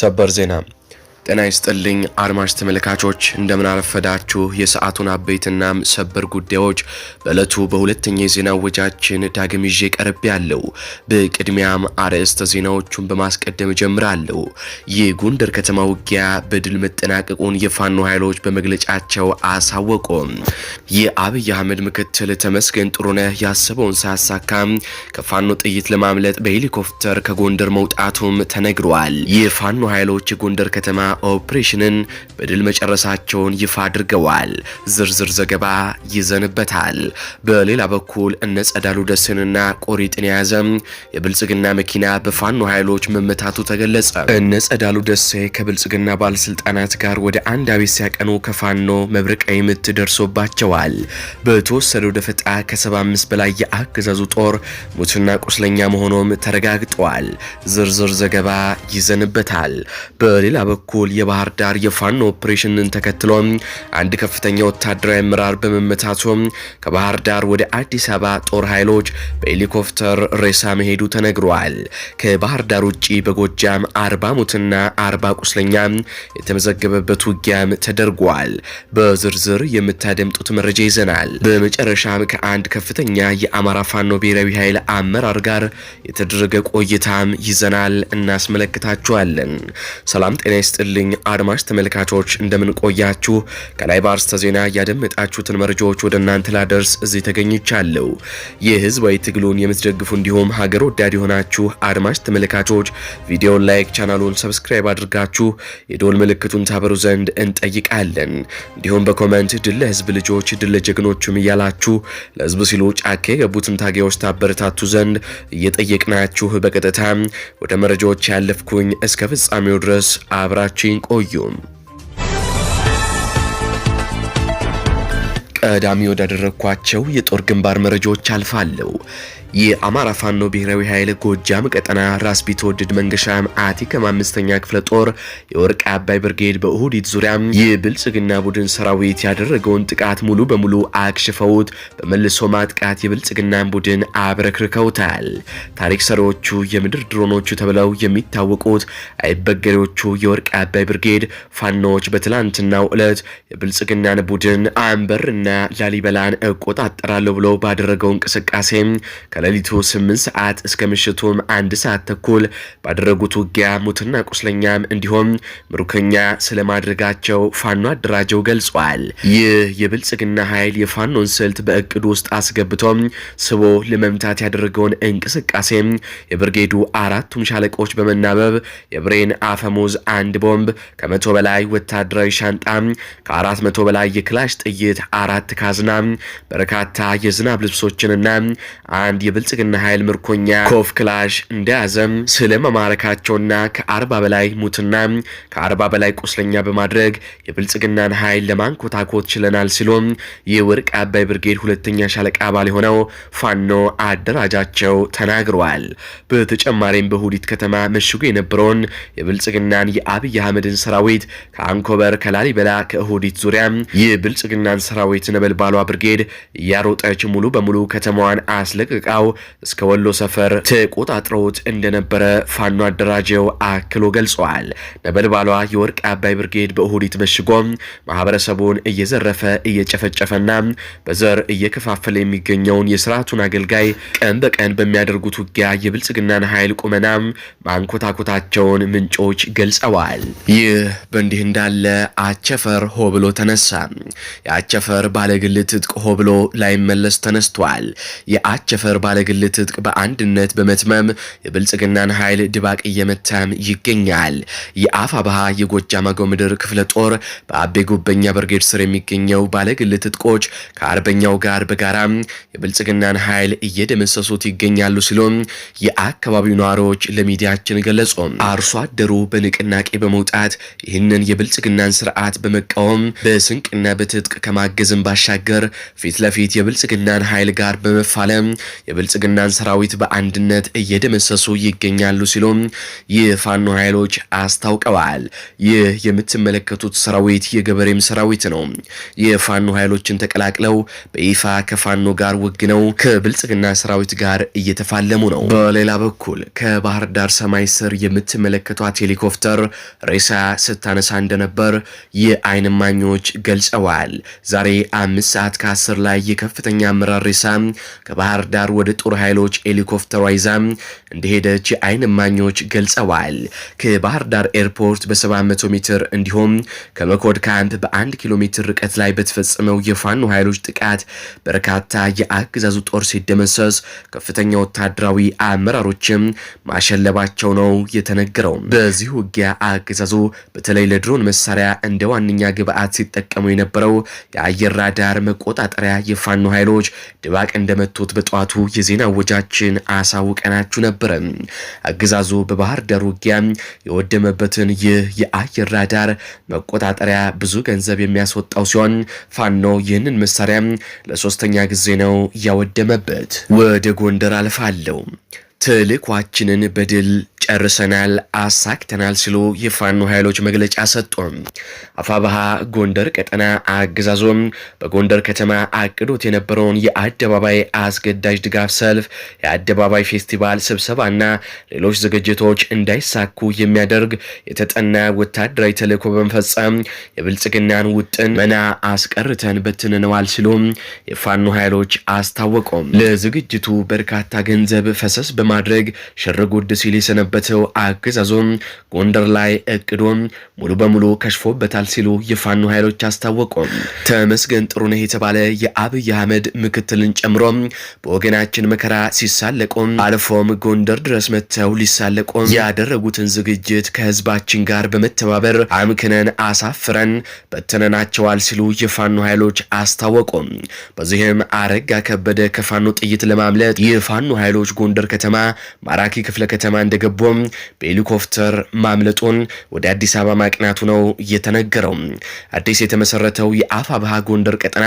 ሰበር ዜና ጤና ይስጥልኝ አድማጭ ተመልካቾች፣ እንደምን አረፈዳችሁ። የሰዓቱን አበይትና ሰበር ጉዳዮች በዕለቱ በሁለተኛ የዜና ወጃችን ዳግም ይዤ ቀርቤ ያለው። በቅድሚያም አርዕስተ ዜናዎቹን በማስቀደም እጀምራለሁ። የጎንደር ከተማ ውጊያ በድል መጠናቀቁን የፋኖ ኃይሎች በመግለጫቸው አሳወቁም። የአብይ አህመድ ምክትል ተመስገን ጥሩነህ ያሰበውን ሳያሳካም ከፋኖ ጥይት ለማምለጥ በሄሊኮፕተር ከጎንደር መውጣቱም ተነግሯል። የፋኖ ኃይሎች የጎንደር ከተማ ኦፕሬሽንን በድል መጨረሳቸውን ይፋ አድርገዋል። ዝርዝር ዘገባ ይዘንበታል። በሌላ በኩል እነ ጸዳሉ ደስንና ቆሪጥን የያዘ የብልጽግና መኪና በፋኖ ኃይሎች መመታቱ ተገለጸ። እነ ጸዳሉ ደሴ ከብልጽግና ባለስልጣናት ጋር ወደ አንድ አቤት ሲያቀኑ ከፋኖ መብረቃዊ ምት ደርሶባቸዋል። በተወሰደው ደፈጣ ከ75 በላይ የአገዛዙ ጦር ሙትና ቁስለኛ መሆኑም ተረጋግጧል። ዝርዝር ዘገባ ይዘንበታል። በሌላ በኩል በኩል የባህር ዳር የፋኖ ኦፕሬሽንን ተከትሎ አንድ ከፍተኛ ወታደራዊ አመራር በመመታቱ ከባህር ዳር ወደ አዲስ አበባ ጦር ኃይሎች በሄሊኮፕተር ሬሳ መሄዱ ተነግሯል። ከባህር ዳር ውጭ በጎጃም አርባ ሙትና አርባ ቁስለኛ የተመዘገበበት ውጊያም ተደርጓል። በዝርዝር የምታደምጡት መረጃ ይዘናል። በመጨረሻም ከአንድ ከፍተኛ የአማራ ፋኖ ብሔራዊ ኃይል አመራር ጋር የተደረገ ቆይታም ይዘናል፣ እናስመለክታችኋለን። ሰላም ጤና ይስጥልን። ይስጥልኝ አድማጭ ተመልካቾች እንደምንቆያችሁ ከላይ በአርስተ ዜና ያደመጣችሁትን መረጃዎች ወደ እናንተ ላደርስ እዚህ ተገኝቻለሁ። ይህ ህዝባዊ ትግሉን የምትደግፉ እንዲሁም ሀገር ወዳድ የሆናችሁ አድማጭ ተመልካቾች ቪዲዮን ላይክ፣ ቻናሉን ሰብስክራይብ አድርጋችሁ የዶል ምልክቱን ታበሩ ዘንድ እንጠይቃለን። እንዲሁም በኮመንት ድል ለህዝብ ልጆች፣ ድል ለጀግኖችም እያላችሁ ለህዝብ ሲሉ ጫካ የገቡትን ታጋዮች ታበረታቱ ዘንድ እየጠየቅናችሁ በቀጥታ ወደ መረጃዎች ያለፍኩኝ እስከ ፍጻሜው ድረስ አብራችሁ አብራችሁን ቆዩ። ቀዳሚ ወዳደረግኳቸው የጦር ግንባር መረጃዎች አልፋለሁ። የአማራ ፋኖ ብሔራዊ ኃይል ጎጃም ቀጠና ራስ ቢትወደድ መንገሻ አቲከም አምስተኛ ክፍለ ጦር የወርቅ አባይ ብርጌድ በእሁዲት ዙሪያ የብልጽግና ቡድን ሰራዊት ያደረገውን ጥቃት ሙሉ በሙሉ አክሽፈውት በመልሶ ማጥቃት የብልጽግናን ቡድን አብረክርከውታል። ታሪክ ሰሪዎቹ የምድር ድሮኖቹ ተብለው የሚታወቁት አይበገሬዎቹ የወርቅ አባይ ብርጌድ ፋኖዎች በትላንትናው ዕለት የብልጽግናን ቡድን አንበርና ላሊበላን እቆጣጠራለሁ ብሎ ባደረገው እንቅስቃሴ ከሌሊቱ 8 ሰዓት እስከ ምሽቱም አንድ ሰዓት ተኩል ባደረጉት ውጊያ ሙትና ቁስለኛም እንዲሁም ምሩከኛ ስለማድረጋቸው ፋኖ አደራጀው ገልጿል። ይህ የብልጽግና ኃይል የፋኖን ስልት በእቅዱ ውስጥ አስገብቶም ስቦ ለመምታት ያደረገውን እንቅስቃሴ የብርጌዱ አራቱም ሻለቆች በመናበብ የብሬን አፈሙዝ አንድ ቦምብ ከመቶ በላይ ወታደራዊ ሻንጣ ከአራት መቶ በላይ የክላሽ ጥይት አራት ካዝና በርካታ የዝናብ ልብሶችንና አንድ የብልጽግና ኃይል ምርኮኛ ኮፍ ክላሽ እንደያዘም ስለ መማረካቸውና ከአርባ በላይ ሙትና ከአርባ በላይ ቁስለኛ በማድረግ የብልጽግናን ኃይል ለማንኮታኮት ችለናል ሲሉም የወርቅ አባይ ብርጌድ ሁለተኛ ሻለቃ አባል የሆነው ፋኖ አደራጃቸው ተናግረዋል። በተጨማሪም በሁዲት ከተማ መሽጎ የነበረውን የብልጽግናን የአብይ አህመድን ሰራዊት ከአንኮበር፣ ከላሊበላ፣ ከእሁዲት ዙሪያ የብልጽግናን ሰራዊት ነበልባሏ ብርጌድ እያሮጠች ሙሉ በሙሉ ከተማዋን አስለቅቃ በመላው እስከ ወሎ ሰፈር ተቆጣጥረውት እንደነበረ ፋኖ አደራጀው አክሎ ገልጸዋል። ነበልባሏ የወርቅ አባይ ብርጌድ በእሁዲት መሽጎም ማህበረሰቡን እየዘረፈ እየጨፈጨፈና በዘር እየከፋፈለ የሚገኘውን የስርዓቱን አገልጋይ ቀን በቀን በሚያደርጉት ውጊያ የብልጽግናን ኃይል ቁመና ማንኮታኮታቸውን ምንጮች ገልጸዋል። ይህ በእንዲህ እንዳለ አቸፈር ሆ ብሎ ተነሳ። የአቸፈር ባለግል ትጥቅ ሆ ብሎ ላይመለስ ተነስቷል። የአቸፈር ባለግል ትጥቅ በአንድነት በመትመም የብልጽግናን ኃይል ድባቅ እየመታም ይገኛል። የአፋ ባሃ የጎጃም አገው ምድር ክፍለ ጦር በአቤ ጉበኛ ብርጌድ ስር የሚገኘው ባለግል ትጥቆች ከአርበኛው ጋር በጋራ የብልጽግናን ኃይል እየደመሰሱት ይገኛሉ ሲሉም የአካባቢው ነዋሪዎች ለሚዲያችን ገለጹ። አርሶ አደሩ በንቅናቄ በመውጣት ይህንን የብልጽግናን ስርዓት በመቃወም በስንቅና በትጥቅ ከማገዝም ባሻገር ፊት ለፊት የብልጽግናን ኃይል ጋር በመፋለም የብልጽግናን ሰራዊት በአንድነት እየደመሰሱ ይገኛሉ ሲሉም የፋኖ ኃይሎች አስታውቀዋል። ይህ የምትመለከቱት ሰራዊት የገበሬም ሰራዊት ነው። የፋኖ ኃይሎችን ተቀላቅለው በይፋ ከፋኖ ጋር ወግነው ከብልጽግና ሰራዊት ጋር እየተፋለሙ ነው። በሌላ በኩል ከባህር ዳር ሰማይ ስር የምትመለከቷት ሄሊኮፕተር ሬሳ ስታነሳ እንደነበር የአይን ማኞች ገልጸዋል። ዛሬ አምስት ሰዓት ከአስር ላይ የከፍተኛ አመራር ሬሳ ከባህር ዳር ወደ ወደ ጦር ኃይሎች ሄሊኮፕተሯ ይዛ እንደሄደች የአይን ማኞች ገልጸዋል። ከባህር ዳር ኤርፖርት በ700 ሜትር እንዲሁም ከመኮድ ካምፕ በ1 ኪሎ ሜትር ርቀት ላይ በተፈጸመው የፋኖ ኃይሎች ጥቃት በርካታ የአገዛዙ ጦር ሲደመሰስ ከፍተኛ ወታደራዊ አመራሮችም ማሸለባቸው ነው የተነገረው። በዚህ ውጊያ አገዛዙ በተለይ ለድሮን መሳሪያ እንደ ዋነኛ ግብአት ሲጠቀሙ የነበረው የአየር ራዳር መቆጣጠሪያ የፋኖ ኃይሎች ድባቅ እንደመቶት በጠዋቱ የዜና ወጃችን አሳውቀናችሁ ነበረ። አገዛዙ በባህር ዳር ውጊያ የወደመበትን ይህ የአየር ራዳር መቆጣጠሪያ ብዙ ገንዘብ የሚያስወጣው ሲሆን ፋኖ ይህንን መሳሪያ ለሶስተኛ ጊዜ ነው ያወደመበት። ወደ ጎንደር አልፋለሁ። ትልኳችንን በድል ጨርሰናል፣ አሳክተናል ሲሉ የፋኖ ኃይሎች መግለጫ ሰጡ። አፋባሃ ጎንደር ቀጠና አገዛዞም በጎንደር ከተማ አቅዶት የነበረውን የአደባባይ አስገዳጅ ድጋፍ ሰልፍ፣ የአደባባይ ፌስቲቫል ስብሰባና ሌሎች ዝግጅቶች እንዳይሳኩ የሚያደርግ የተጠና ወታደራዊ ተልዕኮ በመፈጸም የብልጽግናን ውጥን መና አስቀርተን በትንነዋል ሲሉ የፋኖ ኃይሎች አስታወቁም። ለዝግጅቱ በርካታ ገንዘብ ፈሰስ በ በማድረግ ሽርጉድ ሲል የሰነበተው አገዛዞም ጎንደር ላይ እቅዶም ሙሉ በሙሉ ከሽፎበታል ሲሉ የፋኖ ኃይሎች አስታወቁም። ተመስገን ጥሩነህ የተባለ የአብይ አህመድ ምክትልን ጨምሮም በወገናችን መከራ ሲሳለቁም አልፎም ጎንደር ድረስ መጥተው ሊሳለቁም ያደረጉትን ዝግጅት ከህዝባችን ጋር በመተባበር አምክነን አሳፍረን በተነናቸዋል ሲሉ የፋኖ ኃይሎች አስታወቁም። በዚህም አረጋ ከበደ ከፋኑ ጥይት ለማምለጥ የፋኑ ኃይሎች ጎንደር ከተማ ከተማ ማራኪ ክፍለ ከተማ እንደገቡም በሄሊኮፕተር ማምለጡን ወደ አዲስ አበባ ማቅናቱ ነው እየተነገረው። አዲስ የተመሰረተው የአፋብሃ ጎንደር ቀጠና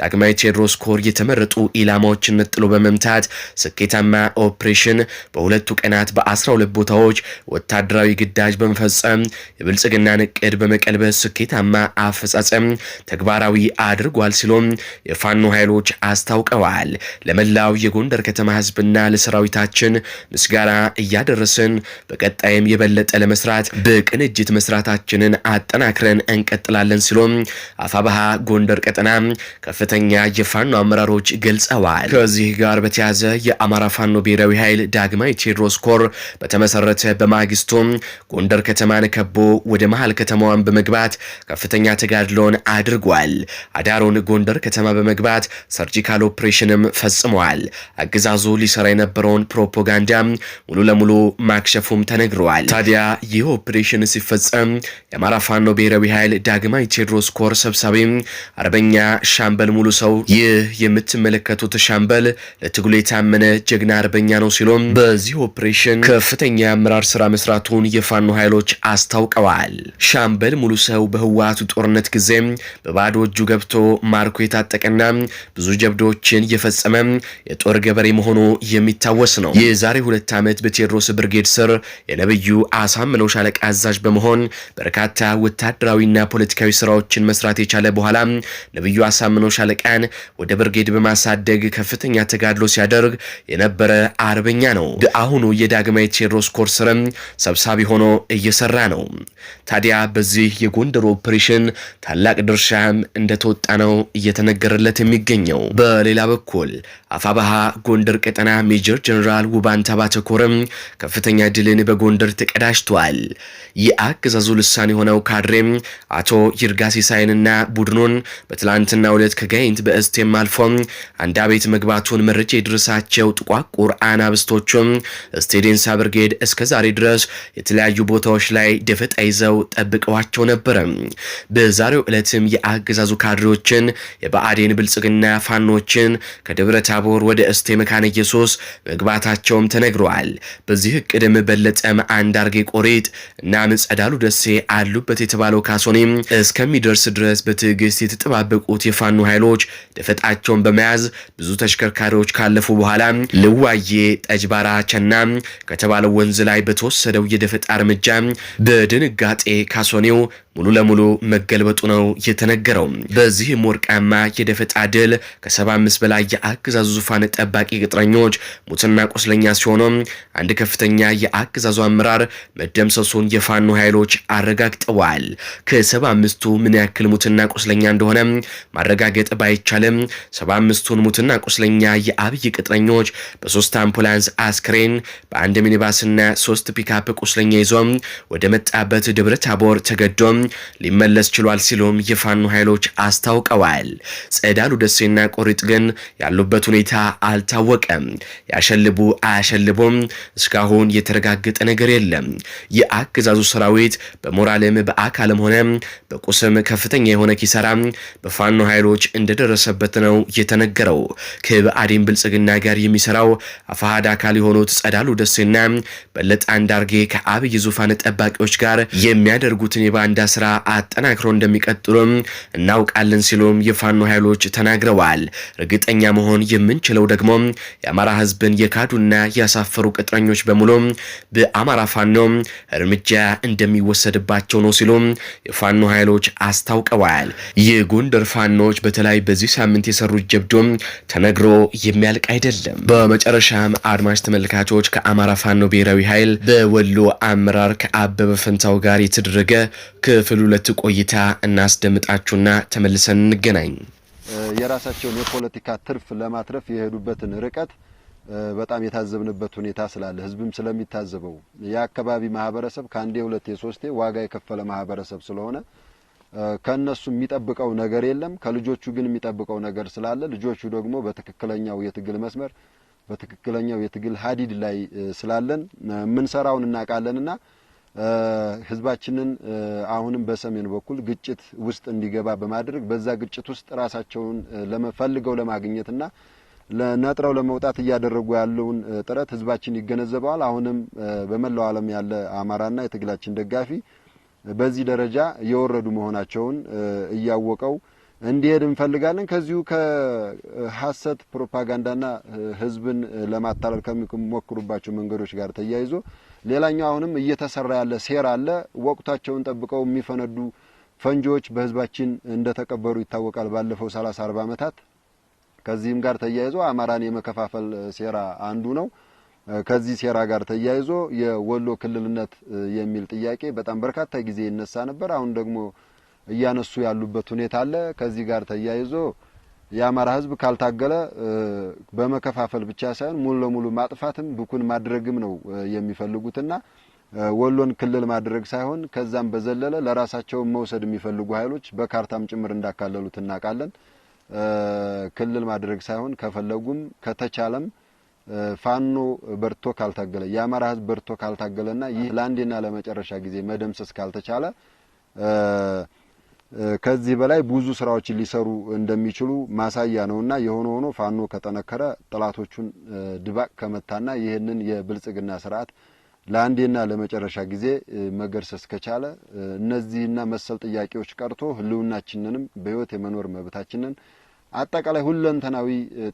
ዳግማዊ ቴዎድሮስ ኮር የተመረጡ ኢላማዎችን ነጥሎ በመምታት ስኬታማ ኦፕሬሽን በሁለቱ ቀናት በአስራ ሁለት ቦታዎች ወታደራዊ ግዳጅ በመፈጸም የብልጽግናን እቅድ በመቀልበስ ስኬታማ አፈጻጸም ተግባራዊ አድርጓል ሲሎም የፋኖ ኃይሎች አስታውቀዋል። ለመላው የጎንደር ከተማ ህዝብና ለሰራዊታችን ባልደረቦቻችን ምስጋና እያደረስን በቀጣይም የበለጠ ለመስራት በቅንጅት መስራታችንን አጠናክረን እንቀጥላለን ሲሎም አፋባሃ ጎንደር ቀጠና ከፍተኛ የፋኖ አመራሮች ገልጸዋል። ከዚህ ጋር በተያያዘ የአማራ ፋኖ ብሔራዊ ኃይል ዳግማዊ ቴዎድሮስ ኮር በተመሰረተ በማግስቱ ጎንደር ከተማን ከቦ ወደ መሀል ከተማዋን በመግባት ከፍተኛ ተጋድሎን አድርጓል። አዳሩን ጎንደር ከተማ በመግባት ሰርጂካል ኦፕሬሽንም ፈጽመዋል። አገዛዙ ሊሰራ የነበረውን ፕሮ ፕሮፓጋንዳ ሙሉ ለሙሉ ማክሸፉም ተነግረዋል። ታዲያ ይህ ኦፕሬሽን ሲፈጸም የአማራ ፋኖ ብሔራዊ ኃይል ዳግማዊ ቴዎድሮስ ኮር ሰብሳቢ አርበኛ ሻምበል ሙሉ ሰው ይህ የምትመለከቱት ሻምበል ለትግሉ የታመነ ጀግና አርበኛ ነው ሲሎም በዚህ ኦፕሬሽን ከፍተኛ የአመራር ስራ መስራቱን የፋኖ ኃይሎች አስታውቀዋል። ሻምበል ሙሉ ሰው በህወሓቱ ጦርነት ጊዜ በባዶ እጁ ገብቶ ማርኮ የታጠቀና ብዙ ጀብዶችን የፈጸመ የጦር ገበሬ መሆኑ የሚታወስ ነው። የዛሬ ሁለት ዓመት በቴዎድሮስ ብርጌድ ስር የነብዩ አሳምነው ሻለቃ አዛዥ በመሆን በርካታ ወታደራዊና ፖለቲካዊ ስራዎችን መስራት የቻለ በኋላ ነብዩ አሳምነው ሻለቃን ወደ ብርጌድ በማሳደግ ከፍተኛ ተጋድሎ ሲያደርግ የነበረ አርበኛ ነው። በአሁኑ የዳግማዊ ቴዎድሮስ ኮር ስርም ሰብሳቢ ሆኖ እየሰራ ነው። ታዲያ በዚህ የጎንደር ኦፕሬሽን ታላቅ ድርሻም እንደተወጣ ነው እየተነገረለት የሚገኘው። በሌላ በኩል አፋባሃ ጎንደር ቀጠና ሜጀር ጀኔራል ውባንታ ባተኮረም ከፍተኛ ድልን በጎንደር ተቀዳጅቷል። የአገዛዙ ልሳን የሆነው ካድሬም አቶ ይርጋ ሲሳይንና ቡድኑን በትላንትና ዕለት ከጋይንት በእስቴም አልፎ አንዳ ቤት መግባቱን መረጃ የደረሳቸው ጥቋቁር አናብስቶቹም ስቴዴንሳ ብርጌድ እስከ ዛሬ ድረስ የተለያዩ ቦታዎች ላይ ደፈጣ ይዘው ጠብቀዋቸው ነበረ። በዛሬው ዕለትም የአገዛዙ ካድሬዎችን የብአዴን ብልጽግና ፋኖችን ከደብረታ ታቦር ወደ እስቴ መካነ ኢየሱስ መግባታቸውም ተነግረዋል። በዚህ እቅድም በለጠም አርጌ ቆሪጥ እና ጸዳሉ ደሴ አሉበት የተባለው ካሶኔም እስከሚደርስ ድረስ በትዕግስት የተጠባበቁት የፋኑ ኃይሎች ደፈጣቸውን በመያዝ ብዙ ተሽከርካሪዎች ካለፉ በኋላ ልዋዬ ጠጅባራ ቸና ከተባለው ወንዝ ላይ በተወሰደው የደፈጣ እርምጃ በድንጋጤ ካሶኔው ሙሉ ለሙሉ መገልበጡ ነው የተነገረው። በዚህም ወርቃማ የደፈጣ ድል ከ75 በላይ የአገዛዙ ዙፋን ጠባቂ ቅጥረኞች ሙትና ቁስለኛ ሲሆኑም አንድ ከፍተኛ የአገዛዙ አመራር መደምሰሱን የፋኖ ኃይሎች አረጋግጠዋል። ከ75ቱ ምን ያክል ሙትና ቁስለኛ እንደሆነ ማረጋገጥ ባይቻልም 75ቱን ሙትና ቁስለኛ የአብይ ቅጥረኞች በሶስት አምቡላንስ አስክሬን በአንድ ሚኒባስና ሶስት ፒካፕ ቁስለኛ ይዞም ወደ መጣበት ደብረ ታቦር ተገዶም ሊመለስ ችሏል ሲሉም የፋኖ ኃይሎች አስታውቀዋል። ጸዳሉ ደሴና ቆሪጥ ግን ያሉበት ሁኔታ አልታወቀም። ያሸልቡ አያሸልቡም እስካሁን የተረጋገጠ ነገር የለም። የአገዛዙ ሰራዊት በሞራልም በአካልም ሆነ በቁስም ከፍተኛ የሆነ ኪሳራ በፋኖ ኃይሎች እንደደረሰበት ነው የተነገረው። ከብአዴን ብልጽግና ጋር የሚሰራው አፋሃድ አካል የሆኑት ጸዳሉ ደሴና በለጠ አንዳርጌ ከአብይ ዙፋን ጠባቂዎች ጋር የሚያደርጉትን የባንዳ ስራ አጠናክሮ እንደሚቀጥሉም እናውቃለን ሲሉም የፋኖ ኃይሎች ተናግረዋል። እርግጠኛ መሆን የምንችለው ደግሞ የአማራ ህዝብን የካዱና ያሳፈሩ ቅጥረኞች በሙሉ በአማራ ፋኖ እርምጃ እንደሚወሰድባቸው ነው ሲሉም የፋኖ ኃይሎች አስታውቀዋል። የጎንደር ፋኖች በተለይ በዚህ ሳምንት የሰሩት ጀብዶም ተነግሮ የሚያልቅ አይደለም። በመጨረሻም አድማጭ ተመልካቾች ከአማራ ፋኖ ብሔራዊ ኃይል በወሎ አመራር ከአበበ ፈንታው ጋር የተደረገ በክፍል ሁለት ቆይታ እናስደምጣችሁና ተመልሰን እንገናኝ። የራሳቸውን የፖለቲካ ትርፍ ለማትረፍ የሄዱበትን ርቀት በጣም የታዘብንበት ሁኔታ ስላለ ህዝብም ስለሚታዘበው የአካባቢ ማህበረሰብ ከአንዴ ሁለቴ ሶስቴ ዋጋ የከፈለ ማህበረሰብ ስለሆነ ከእነሱ የሚጠብቀው ነገር የለም። ከልጆቹ ግን የሚጠብቀው ነገር ስላለ ልጆቹ ደግሞ በትክክለኛው የትግል መስመር በትክክለኛው የትግል ሀዲድ ላይ ስላለን የምንሰራውን እናውቃለንና ህዝባችንን አሁንም በሰሜን በኩል ግጭት ውስጥ እንዲገባ በማድረግ በዛ ግጭት ውስጥ ራሳቸውን ለመፈልገው ለማግኘትና ነጥረው ለመውጣት እያደረጉ ያለውን ጥረት ህዝባችን ይገነዘበዋል። አሁንም በመላው ዓለም ያለ አማራና የትግላችን ደጋፊ በዚህ ደረጃ የወረዱ መሆናቸውን እያወቀው እንዲሄድ እንፈልጋለን። ከዚሁ ከሀሰት ፕሮፓጋንዳና ህዝብን ለማታለል ከሚሞክሩባቸው መንገዶች ጋር ተያይዞ ሌላኛው አሁንም እየተሰራ ያለ ሴራ አለ። ወቅታቸውን ጠብቀው የሚፈነዱ ፈንጂዎች በህዝባችን እንደተቀበሩ ይታወቃል ባለፈው ሰላሳ አርባ ዓመታት። ከዚህም ጋር ተያይዞ አማራን የመከፋፈል ሴራ አንዱ ነው። ከዚህ ሴራ ጋር ተያይዞ የወሎ ክልልነት የሚል ጥያቄ በጣም በርካታ ጊዜ ይነሳ ነበር። አሁን ደግሞ እያነሱ ያሉበት ሁኔታ አለ። ከዚህ ጋር ተያይዞ የአማራ ህዝብ ካልታገለ በመከፋፈል ብቻ ሳይሆን ሙሉ ለሙሉ ማጥፋትም ብኩን ማድረግም ነው የሚፈልጉትና ወሎን ክልል ማድረግ ሳይሆን ከዛም በዘለለ ለራሳቸውን መውሰድ የሚፈልጉ ኃይሎች በካርታም ጭምር እንዳካለሉት እናውቃለን። ክልል ማድረግ ሳይሆን ከፈለጉም ከተቻለም ፋኖ በርቶ ካልታገለ የአማራ ህዝብ በርቶ ካልታገለና ይህ ለአንዴና ለመጨረሻ ጊዜ መደምሰስ ካልተቻለ ከዚህ በላይ ብዙ ስራዎችን ሊሰሩ እንደሚችሉ ማሳያ ነውና የሆነ ሆኖ ፋኖ ከጠነከረ ጠላቶቹን ድባቅ ከመታና ይህንን የብልጽግና ስርዓት ለአንዴና ለመጨረሻ ጊዜ መገርሰስ ከቻለ እነዚህና መሰል ጥያቄዎች ቀርቶ ህልውናችንንም በህይወት የመኖር መብታችንን አጠቃላይ ሁለንተናዊ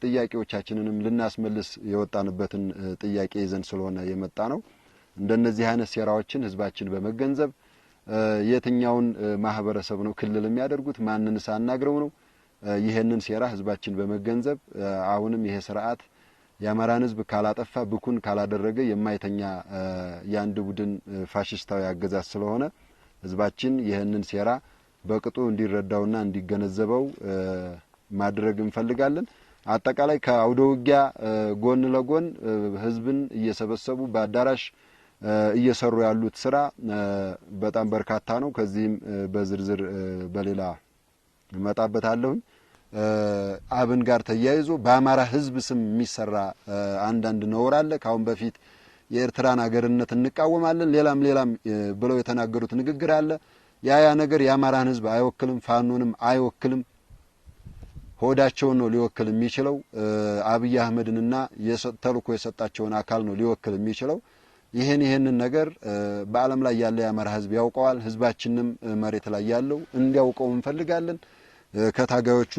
ጥያቄዎቻችንንም ልናስመልስ የወጣንበትን ጥያቄ ይዘን ስለሆነ የመጣ ነው። እንደነዚህ አይነት ሴራዎችን ህዝባችን በመገንዘብ የትኛውን ማህበረሰብ ነው ክልል የሚያደርጉት? ማንን ሳናግረው ነው? ይህንን ሴራ ህዝባችን በመገንዘብ አሁንም ይሄ ስርዓት የአማራን ህዝብ ካላጠፋ ብኩን ካላደረገ የማይተኛ የአንድ ቡድን ፋሽስታዊ አገዛዝ ስለሆነ ህዝባችን ይህንን ሴራ በቅጡ እንዲረዳውና እንዲገነዘበው ማድረግ እንፈልጋለን። አጠቃላይ ከአውደ ውጊያ ጎን ለጎን ህዝብን እየሰበሰቡ በአዳራሽ እየሰሩ ያሉት ስራ በጣም በርካታ ነው። ከዚህም በዝርዝር በሌላ እመጣበታለሁኝ። አብን ጋር ተያይዞ በአማራ ህዝብ ስም የሚሰራ አንዳንድ ነውር አለ። ከአሁን በፊት የኤርትራን ሀገርነት እንቃወማለን ሌላም ሌላም ብለው የተናገሩት ንግግር አለ። ያ ያ ነገር የአማራን ህዝብ አይወክልም፣ ፋኖንም አይወክልም። ሆዳቸውን ነው ሊወክል የሚችለው። አብይ አህመድንና ተልእኮ የሰጣቸውን አካል ነው ሊወክል የሚችለው። ይህን ይህንን ነገር በዓለም ላይ ያለ የአማራ ህዝብ ያውቀዋል። ህዝባችንም መሬት ላይ ያለው እንዲያውቀው እንፈልጋለን። ከታጋዮቹ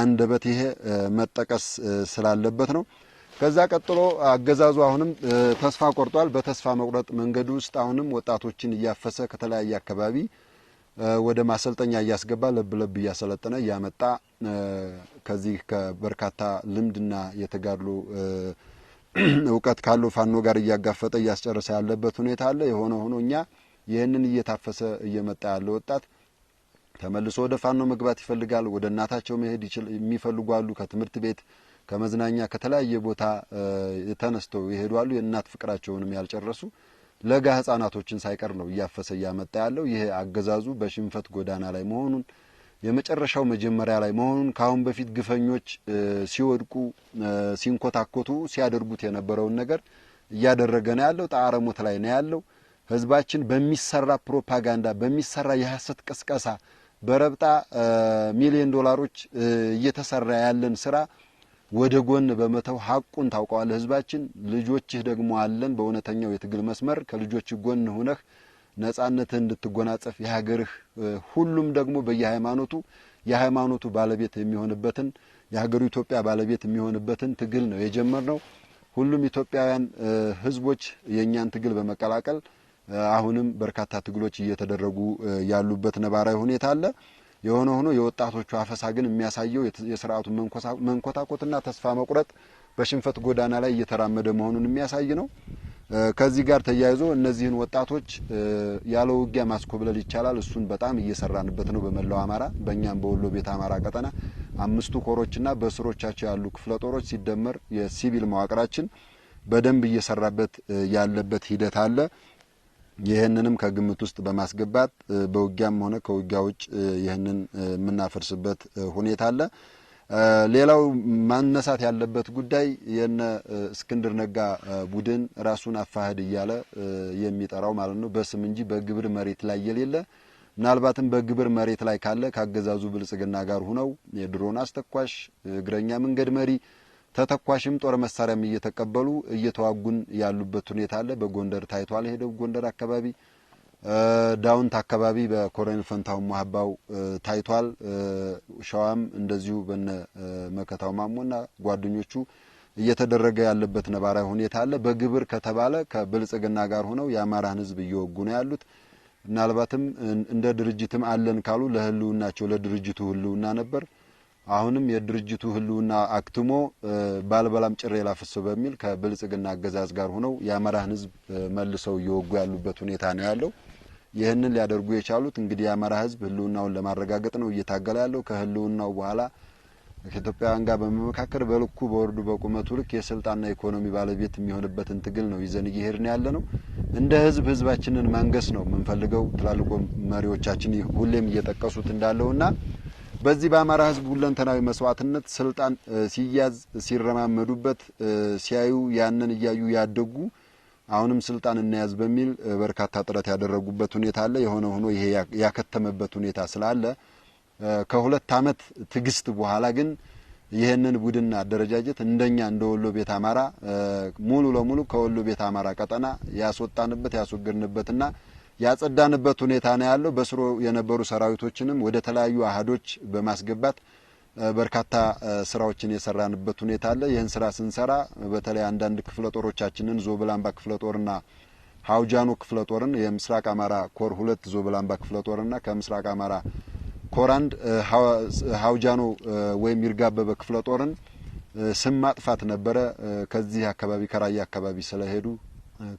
አንደበት ይሄ መጠቀስ ስላለበት ነው። ከዛ ቀጥሎ አገዛዙ አሁንም ተስፋ ቆርጧል። በተስፋ መቁረጥ መንገድ ውስጥ አሁንም ወጣቶችን እያፈሰ ከተለያየ አካባቢ ወደ ማሰልጠኛ እያስገባ ለብ ለብ እያሰለጠነ እያመጣ ከዚህ ከበርካታ ልምድና የተጋድሎ እውቀት ካለው ፋኖ ጋር እያጋፈጠ እያስጨረሰ ያለበት ሁኔታ አለ። የሆነ ሆኖ እኛ ይህንን እየታፈሰ እየመጣ ያለ ወጣት ተመልሶ ወደ ፋኖ መግባት ይፈልጋል። ወደ እናታቸው መሄድ የሚፈልጉ አሉ። ከትምህርት ቤት ከመዝናኛ ከተለያየ ቦታ ተነስተው ይሄዷሉ። የእናት ፍቅራቸውንም ያልጨረሱ ለጋ ህጻናቶችን ሳይቀር ነው እያፈሰ እያመጣ ያለው። ይሄ አገዛዙ በሽንፈት ጎዳና ላይ መሆኑን የመጨረሻው መጀመሪያ ላይ መሆኑን ከአሁን በፊት ግፈኞች ሲወድቁ፣ ሲንኮታኮቱ ሲያደርጉት የነበረውን ነገር እያደረገ ነው ያለው። ጣረሞት ላይ ነው ያለው። ህዝባችን በሚሰራ ፕሮፓጋንዳ፣ በሚሰራ የሐሰት ቅስቀሳ፣ በረብጣ ሚሊዮን ዶላሮች እየተሰራ ያለን ስራ ወደ ጎን በመተው ሀቁን ታውቀዋል። ህዝባችን ልጆችህ ደግሞ አለን በእውነተኛው የትግል መስመር ከልጆችህ ጎን ሁነህ ነጻነትህ እንድትጎናጸፍ የሀገርህ ሁሉም ደግሞ በየሃይማኖቱ የሃይማኖቱ ባለቤት የሚሆንበትን የሀገሩ ኢትዮጵያ ባለቤት የሚሆንበትን ትግል ነው የጀመርነው። ሁሉም ኢትዮጵያውያን ህዝቦች የእኛን ትግል በመቀላቀል አሁንም በርካታ ትግሎች እየተደረጉ ያሉበት ነባራዊ ሁኔታ አለ። የሆነ ሆኖ የወጣቶቹ አፈሳ ግን የሚያሳየው የስርዓቱ መንኮታኮትና ተስፋ መቁረጥ በሽንፈት ጎዳና ላይ እየተራመደ መሆኑን የሚያሳይ ነው። ከዚህ ጋር ተያይዞ እነዚህን ወጣቶች ያለ ውጊያ ማስኮብለል ይቻላል። እሱን በጣም እየሰራንበት ነው። በመላው አማራ በእኛም በወሎ ቤት አማራ ቀጠና አምስቱ ኮሮችና በስሮቻቸው ያሉ ክፍለ ጦሮች ሲደመር የሲቪል መዋቅራችን በደንብ እየሰራበት ያለበት ሂደት አለ። ይህንንም ከግምት ውስጥ በማስገባት በውጊያም ሆነ ከውጊያ ውጭ ይህንን የምናፈርስበት ሁኔታ አለ። ሌላው ማነሳት ያለበት ጉዳይ የነ እስክንድር ነጋ ቡድን ራሱን አፋህድ እያለ የሚጠራው ማለት ነው በስም እንጂ በግብር መሬት ላይ የሌለ ምናልባትም በግብር መሬት ላይ ካለ ካገዛዙ ብልጽግና ጋር ሁነው የድሮን አስተኳሽ እግረኛ መንገድ መሪ ተተኳሽም ጦር መሳሪያም እየተቀበሉ እየተዋጉን ያሉበት ሁኔታ አለ። በጎንደር ታይቷል። ሄደው ጎንደር አካባቢ ዳውንት አካባቢ በኮሎኔል ፈንታው ማህባው ታይቷል። ሸዋም እንደዚሁ በነ መከታው ማሞና ጓደኞቹ እየተደረገ ያለበት ነባራዊ ሁኔታ አለ። በግብር ከተባለ ከብልጽግና ጋር ሆነው የአማራን ህዝብ እየወጉ ነው ያሉት። ምናልባትም እንደ ድርጅትም አለን ካሉ ለህልውናቸው ለድርጅቱ ህልውና ነበር። አሁንም የድርጅቱ ህልውና አክትሞ ባልበላም ጭሬ ላፍሰው በሚል ከብልጽግና አገዛዝ ጋር ሆነው የአማራን ህዝብ መልሰው እየወጉ ያሉበት ሁኔታ ነው ያለው። ይህንን ሊያደርጉ የቻሉት እንግዲህ የአማራ ህዝብ ህልውናውን ለማረጋገጥ ነው እየታገለ ያለው። ከህልውናው በኋላ ከኢትዮጵያውያን ጋር በመመካከል በልኩ በወርዱ በቁመቱ ልክ የስልጣንና ኢኮኖሚ ባለቤት የሚሆንበትን ትግል ነው ይዘን እየሄድን ያለ ነው። እንደ ህዝብ ህዝባችንን ማንገስ ነው የምንፈልገው። ትላልቆ መሪዎቻችን ሁሌም እየጠቀሱት እንዳለውና በዚህ በአማራ ህዝብ ሁለንተናዊ መስዋዕትነት ስልጣን ሲያዝ ሲረማመዱበት ሲያዩ ያንን እያዩ ያደጉ አሁንም ስልጣን እናያዝ በሚል በርካታ ጥረት ያደረጉበት ሁኔታ አለ። የሆነ ሆኖ ይሄ ያከተመበት ሁኔታ ስላለ ከሁለት ዓመት ትግስት በኋላ ግን ይህንን ቡድንና አደረጃጀት እንደኛ እንደ ወሎ ቤት አማራ ሙሉ ለሙሉ ከወሎ ቤት አማራ ቀጠና ያስወጣንበት ያስወገድንበትና ያጸዳንበት ሁኔታ ነው ያለው። በስሮ የነበሩ ሰራዊቶችንም ወደ ተለያዩ አህዶች በማስገባት በርካታ ስራዎችን የሰራንበት ሁኔታ አለ። ይህን ስራ ስንሰራ በተለይ አንዳንድ ክፍለ ጦሮቻችንን ዞብላምባ ክፍለ ጦርና ሀውጃኖ ክፍለ ጦርን የምስራቅ አማራ ኮር ሁለት ዞብላምባ ክፍለ ጦርና ከምስራቅ አማራ ኮር አንድ ሀውጃኖ ወይም ይርጋበበ ክፍለ ጦርን ስም ማጥፋት ነበረ። ከዚህ አካባቢ ከራያ አካባቢ ስለሄዱ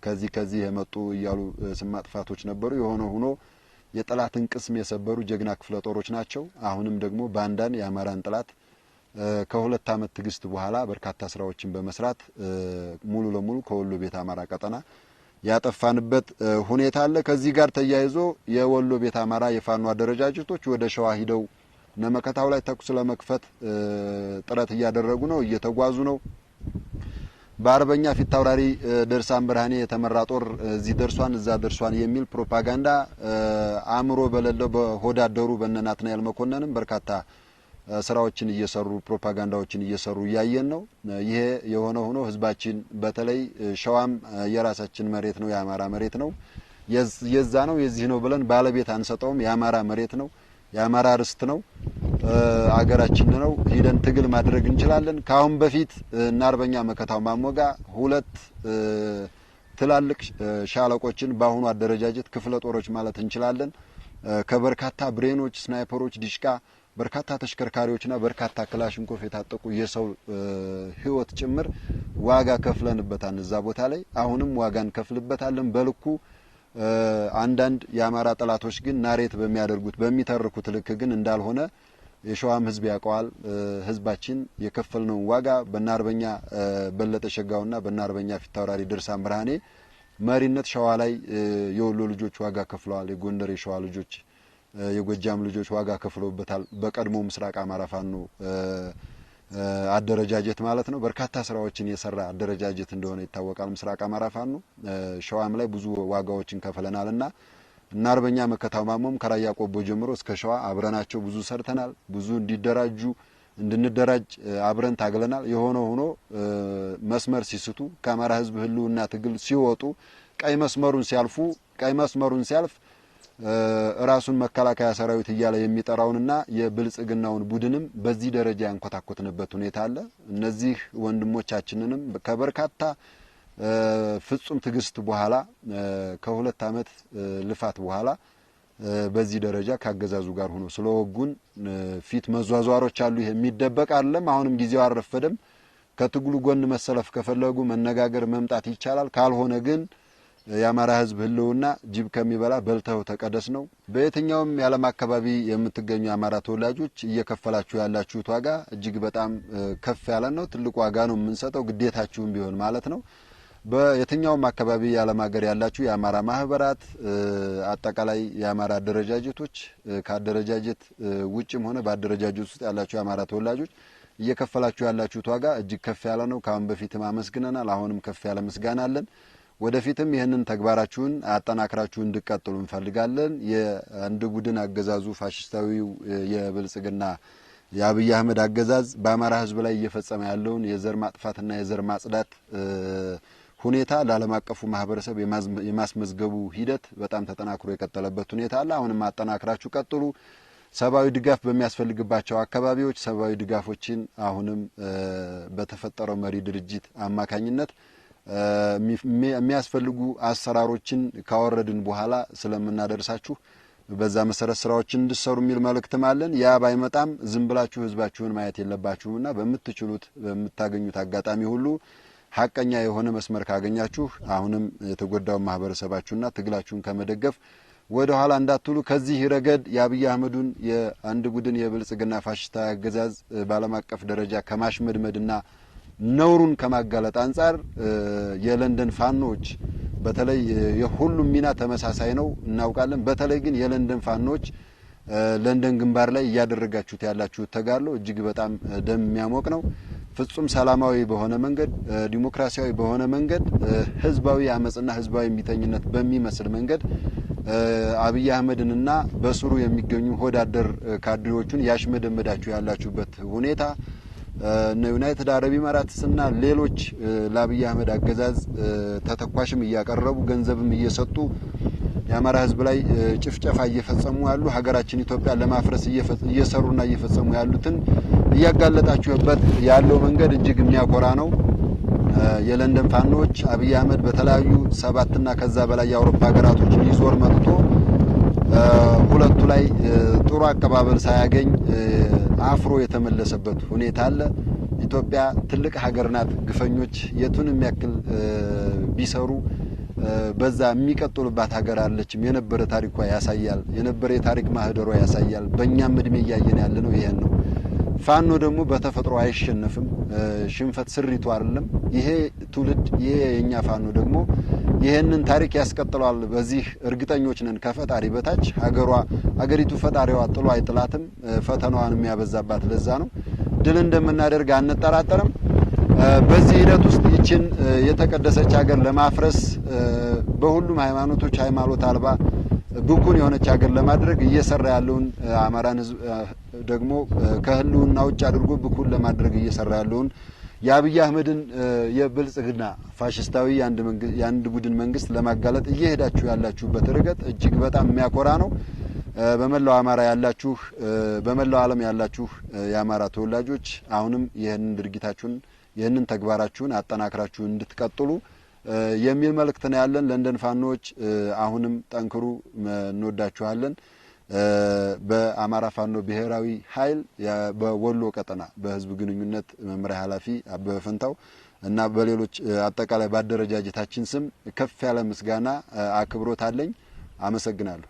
ከዚህ ከዚህ የመጡ እያሉ ስም ማጥፋቶች ነበሩ። የሆነ ሁኖ የጠላትን ቅስም የሰበሩ ጀግና ክፍለ ጦሮች ናቸው። አሁንም ደግሞ ባንዳን የአማራን ጠላት ከሁለት ዓመት ትግስት በኋላ በርካታ ስራዎችን በመስራት ሙሉ ለሙሉ ከወሎ ቤት አማራ ቀጠና ያጠፋንበት ሁኔታ አለ። ከዚህ ጋር ተያይዞ የወሎ ቤት አማራ የፋኖ አደረጃጀቶች ወደ ሸዋ ሂደው ነመከታው ላይ ተኩስ ለመክፈት ጥረት እያደረጉ ነው፣ እየተጓዙ ነው። በአርበኛ ፊት ታውራሪ ደርሳን ብርሃኔ የተመራ ጦር እዚህ ደርሷን እዛ ደርሷን የሚል ፕሮፓጋንዳ አእምሮ በሌለው በሆዳደሩ በነናትናኤል መኮንንም በርካታ ስራዎችን እየሰሩ ፕሮፓጋንዳዎችን እየሰሩ እያየን ነው። ይሄ የሆነ ሆኖ ህዝባችን በተለይ ሸዋም የራሳችን መሬት ነው፣ የአማራ መሬት ነው፣ የዛ ነው፣ የዚህ ነው ብለን ባለቤት አንሰጠውም። የአማራ መሬት ነው። የአማራ ርስት ነው፣ አገራችን ነው። ሂደን ትግል ማድረግ እንችላለን። ከአሁን በፊት እና አርበኛ መከታው ማሞጋ ሁለት ትላልቅ ሻለቆችን በአሁኑ አደረጃጀት ክፍለ ጦሮች ማለት እንችላለን ከበርካታ ብሬኖች፣ ስናይፐሮች፣ ዲሽቃ በርካታ ተሽከርካሪዎችና በርካታ ክላሽንኮፍ የታጠቁ የሰው ህይወት ጭምር ዋጋ ከፍለንበታል። እዛ ቦታ ላይ አሁንም ዋጋ እንከፍልበታለን በልኩ አንዳንድ የአማራ ጠላቶች ግን ናሬት በሚያደርጉት በሚተርኩት ልክ ግን እንዳልሆነ የሸዋም ህዝብ ያውቀዋል። ህዝባችን የከፈልነውን ዋጋ በናርበኛ በለጠ ሸጋውና በናርበኛ ፊታውራሪ ድርሳን ብርሃኔ መሪነት ሸዋ ላይ የወሎ ልጆች ዋጋ ከፍለዋል። የጎንደር የሸዋ ልጆች፣ የጎጃም ልጆች ዋጋ ከፍለውበታል። በቀድሞ ምስራቅ አማራ ፋኖ አደረጃጀት ማለት ነው። በርካታ ስራዎችን የሰራ አደረጃጀት እንደሆነ ይታወቃል። ምስራቅ አማራ ፋኖ ሸዋም ላይ ብዙ ዋጋዎችን ከፍለናል እና እና አርበኛ መከታው ማሞም ከራያ ቆቦ ጀምሮ እስከ ሸዋ አብረናቸው ብዙ ሰርተናል። ብዙ እንዲደራጁ እንድንደራጅ አብረን ታግለናል። የሆነ ሆኖ መስመር ሲስቱ ከአማራ ህዝብ ህልውና ትግል ሲወጡ ቀይ መስመሩን ሲያልፉ ቀይ መስመሩን ሲያልፍ ራሱን መከላከያ ሰራዊት እያለ የሚጠራውንና የብልጽግናውን ቡድንም በዚህ ደረጃ ያንኮታኮትንበት ሁኔታ አለ። እነዚህ ወንድሞቻችንንም ከበርካታ ፍጹም ትግስት በኋላ ከሁለት ዓመት ልፋት በኋላ በዚህ ደረጃ ካገዛዙ ጋር ሆኖ ስለወጉን ፊት መዟዟሮች አሉ። ይሄ የሚደበቅ አለም። አሁንም ጊዜው አልረፈደም። ከትግሉ ጎን መሰለፍ ከፈለጉ መነጋገር መምጣት ይቻላል። ካልሆነ ግን የአማራ ህዝብ ህልውና ጅብ ከሚበላ በልተው ተቀደስ ነው። በየትኛውም የዓለም አካባቢ የምትገኙ የአማራ ተወላጆች እየከፈላችሁ ያላችሁት ዋጋ እጅግ በጣም ከፍ ያለ ነው። ትልቅ ዋጋ ነው የምንሰጠው፣ ግዴታችሁም ቢሆን ማለት ነው። በየትኛውም አካባቢ የዓለም ሀገር ያላችሁ የአማራ ማህበራት፣ አጠቃላይ የአማራ አደረጃጀቶች ከአደረጃጀት ውጭም ሆነ በአደረጃጀት ውስጥ ያላችሁ የአማራ ተወላጆች እየከፈላችሁ ያላችሁት ዋጋ እጅግ ከፍ ያለ ነው። ከአሁን በፊትም አመስግነናል። አሁንም ከፍ ያለ ምስጋና አለን። ወደፊትም ይህንን ተግባራችሁን አጠናክራችሁ እንድቀጥሉ እንፈልጋለን። የአንድ ቡድን አገዛዙ ፋሽስታዊው የብልጽግና የአብይ አህመድ አገዛዝ በአማራ ህዝብ ላይ እየፈጸመ ያለውን የዘር ማጥፋትና የዘር ማጽዳት ሁኔታ ለዓለም አቀፉ ማህበረሰብ የማስመዝገቡ ሂደት በጣም ተጠናክሮ የቀጠለበት ሁኔታ አለ። አሁንም አጠናክራችሁ ቀጥሉ። ሰብአዊ ድጋፍ በሚያስፈልግባቸው አካባቢዎች ሰብአዊ ድጋፎችን አሁንም በተፈጠረው መሪ ድርጅት አማካኝነት የሚያስፈልጉ አሰራሮችን ካወረድን በኋላ ስለምናደርሳችሁ በዛ መሰረት ስራዎችን እንድሰሩ የሚል መልእክትም አለን። ያ ባይመጣም ዝም ብላችሁ ህዝባችሁን ማየት የለባችሁምና በምትችሉት በምታገኙት አጋጣሚ ሁሉ ሀቀኛ የሆነ መስመር ካገኛችሁ አሁንም የተጎዳውን ማህበረሰባችሁና ትግላችሁን ከመደገፍ ወደ ኋላ እንዳትሉ። ከዚህ ረገድ የአብይ አህመዱን የአንድ ቡድን የብልጽግና ፋሽስታ አገዛዝ በዓለም አቀፍ ደረጃ ከማሽመድመድና ነውሩን ከማጋለጥ አንጻር የለንደን ፋኖች በተለይ የሁሉም ሚና ተመሳሳይ ነው እናውቃለን። በተለይ ግን የለንደን ፋኖች ለንደን ግንባር ላይ እያደረጋችሁት ያላችሁት ተጋድሎ እጅግ በጣም ደም የሚያሞቅ ነው። ፍጹም ሰላማዊ በሆነ መንገድ፣ ዲሞክራሲያዊ በሆነ መንገድ፣ ህዝባዊ አመፅና ህዝባዊ የሚተኝነት በሚመስል መንገድ አብይ አህመድንና በስሩ የሚገኙ ሆዳደር ካድሬዎቹን ያሽመደመዳችሁ ያላችሁበት ሁኔታ እነ ዩናይትድ አረብ ኢማራትስና ሌሎች ለአብይ አህመድ አገዛዝ ተተኳሽም እያቀረቡ ገንዘብም እየሰጡ የአማራ ህዝብ ላይ ጭፍጨፋ እየፈጸሙ ያሉ ሀገራችን ኢትዮጵያ ለማፍረስ እየሰሩና እየፈጸሙ ያሉትን እያጋለጣችሁበት ያለው መንገድ እጅግ የሚያኮራ ነው። የለንደን ፋኖች አብይ አህመድ በተለያዩ ሰባትና ከዛ በላይ የአውሮፓ ሀገራቶች ሊዞር መጥቶ ሁለቱ ላይ ጥሩ አቀባበል ሳያገኝ አፍሮ የተመለሰበት ሁኔታ አለ። ኢትዮጵያ ትልቅ ሀገር ናት። ግፈኞች የቱን ያክል ቢሰሩ በዛ የሚቀጥሉባት ሀገር አለችም። የነበረ ታሪኳ ያሳያል። የነበረ የታሪክ ማህደሯ ያሳያል። በእኛም እድሜ እያየን ያለ ነው ይሄን ነው። ፋኖ ደግሞ በተፈጥሮ አይሸነፍም። ሽንፈት ስሪቱ አይደለም። ይሄ ትውልድ ይሄ የኛ ፋኖ ደግሞ ይሄንን ታሪክ ያስቀጥለዋል። በዚህ እርግጠኞች ነን። ከፈጣሪ በታች ሀገሯ ሀገሪቱ ፈጣሪዋ ጥሎ አይጥላትም። ፈተናዋን የሚያበዛባት ለዛ ነው። ድል እንደምናደርግ አንጠራጠርም። በዚህ ሂደት ውስጥ ይችን የተቀደሰች ሀገር ለማፍረስ በሁሉም ሃይማኖቶች ሃይማኖት አልባ ብኩን የሆነች ሀገር ለማድረግ እየሰራ ያለውን አማራን ህዝብ ደግሞ ከህልውና ውጭ አድርጎ ብኩል ለማድረግ እየሰራ ያለውን የአብይ አህመድን የብልጽግና ፋሽስታዊ የአንድ ቡድን መንግስት ለማጋለጥ እየሄዳችሁ ያላችሁበት ርቀት እጅግ በጣም የሚያኮራ ነው። በመላው አማራ ያላችሁ፣ በመላው ዓለም ያላችሁ የአማራ ተወላጆች አሁንም ይህንን ድርጊታችሁን ይህንን ተግባራችሁን አጠናክራችሁ እንድትቀጥሉ የሚል መልእክት ነው ያለን። ለንደን ፋኖዎች አሁንም ጠንክሩ፣ እንወዳችኋለን። በአማራ ፋኖ ብሔራዊ ኃይል በወሎ ቀጠና በህዝብ ግንኙነት መምሪያ ኃላፊ አበበ ፈንታው እና በሌሎች አጠቃላይ ባደረጃጀታችን ስም ከፍ ያለ ምስጋና አክብሮት አለኝ። አመሰግናለሁ።